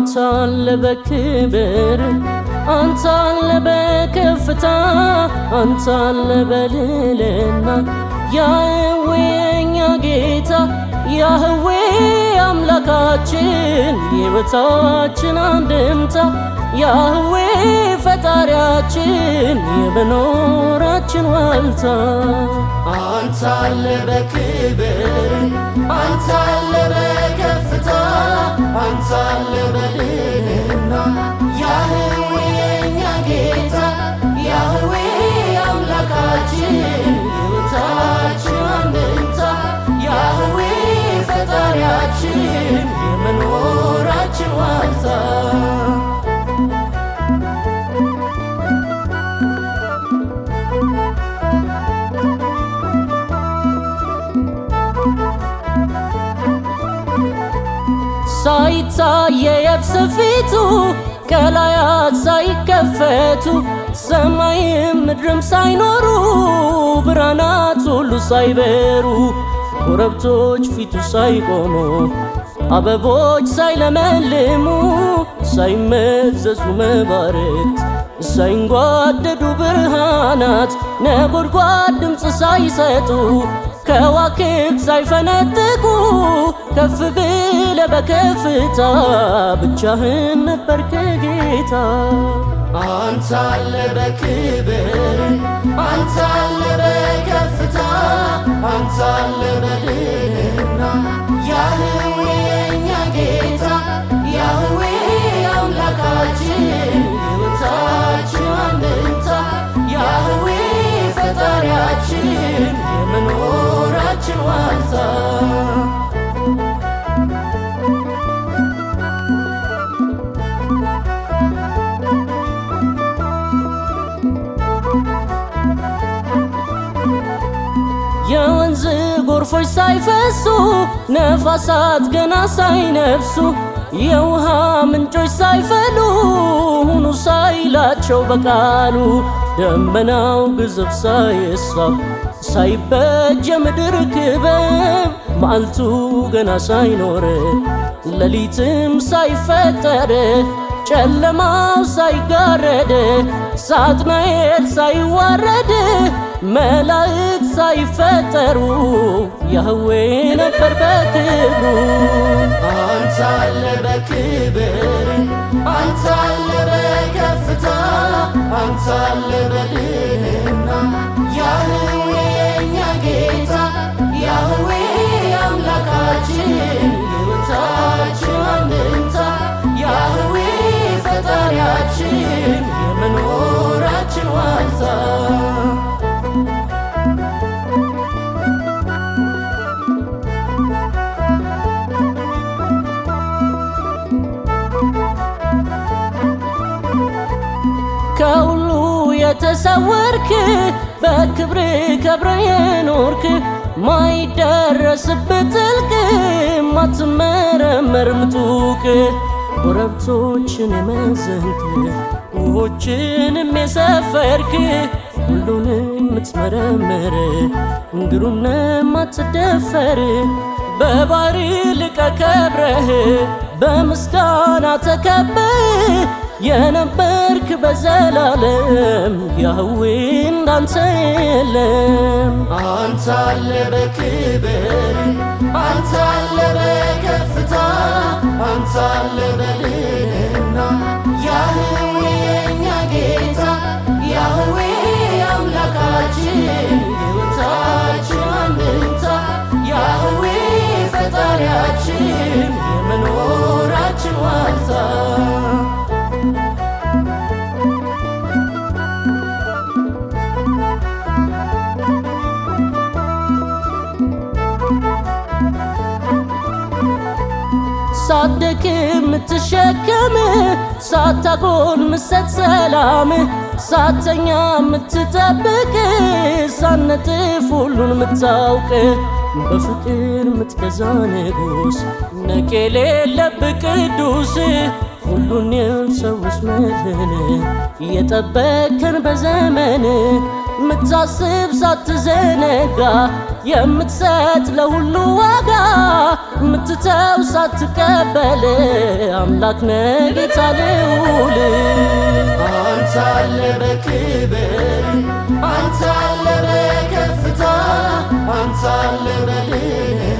አንታለ በክብር አንታለ በከፍታ አንታለ በልልና ያህዌ የኛ ጌታ ያህዌ አምላካችን የበታችን አንድምታ ያህዌ ፈጣሪያችን የመኖራችን ዋልታ አንታለ በክብር አንታለ አንሳለ በሌና ሳይታየየብ ስፊቱ ከላያት ሳይከፈቱ ሰማይም ምድርም ሳይኖሩ ብርሃናት ሁሉ ሳይበሩ ኮረብቶች ፊቱ ሳይቆሙ አበቦች ሳይለመልሙ ሳይመዘዙ መባረት ሳይንጓደዱ ብርሃናት ነጎድጓድ ድምፅ ሳይሰጡ ከዋክብት ሳይፈነጥቁ ከፍ ብለ በከፍታ ብቻህን ነበር ከጌታ አንተ አለ በክብር አንተ አለ በከፍታ ጎርፎች ሳይፈሱ ነፋሳት ገና ሳይነፍሱ የውሃ ምንጮች ሳይፈሉ ሁኑ ሳይላቸው በቃሉ ደመናው ግዘፍ ሳይሳብ ሳይበጅ የምድር ክበብ መዓልቱ ገና ሳይኖር ሌሊትም ሳይፈጠር ጨለማው ሳይጋረድ ሳጥናኤል ሳይዋረድ መላእክ ሳይፈጠሩ ያህዌ ነበር በክብሩ አንተ አለ በክብር አንተ አለ በከፍታ አንተ አለ በልዕልና ያህዌ የኛ ጌታ ተሰወርክ በክብር ከብረ የኖርክ ማይደረስበት ጥልቅ ማትመረመር ምጡቅ ኮረብቶችን የመዘንክ ውሆችንም የሰፈርክ ሁሉንም የምትመረምር እንግሩንም ማትደፈር በባህሪ ልቀ ከብረህ በምስጋና ተከበር የነበርክ በዘላለም ያህዌ እንዳንተ የለም። አንተ አለ በክብር አንተ አለ በከፍታ ሳትደክም የምትሸከም ሳታጎል ምሰት ሰላም ሳተኛ ምትጠብቅ ሳነጥፍ ሁሉን ምታውቅ በፍቅር ምትገዛ ንጉስ ነቅ የሌለብህ ቅዱስ ሁሉን የሰዎች መድህን እየጠበከን በዘመን ምታስብ ሳትዘነጋ የምትሰጥ ለሁሉ ዋጋ ምትተው ሳትቀበል አምላክ ነጌታ ልውል አንታለ በክብር አንታለ በከፍታ አንታለ በልነ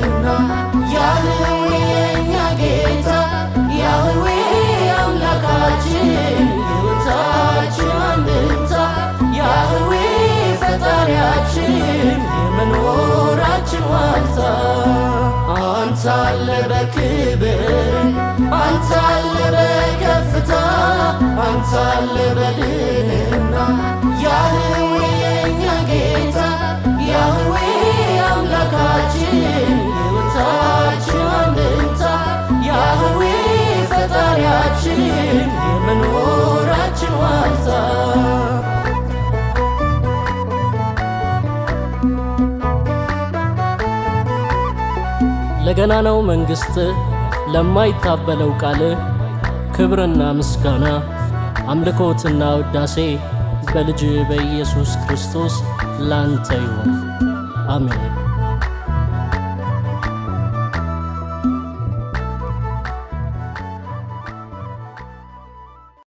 አንተ አለ በክብር አንተ በከፍታ አንተ በልዕልና ያህዌ የኛ ጌታ ያህዌ ለገና ነው መንግስት ለማይታበለው ቃል ክብርና ምስጋና አምልኮትና ውዳሴ በልጅ በኢየሱስ ክርስቶስ ላንተ ይሁን፣ አሜን።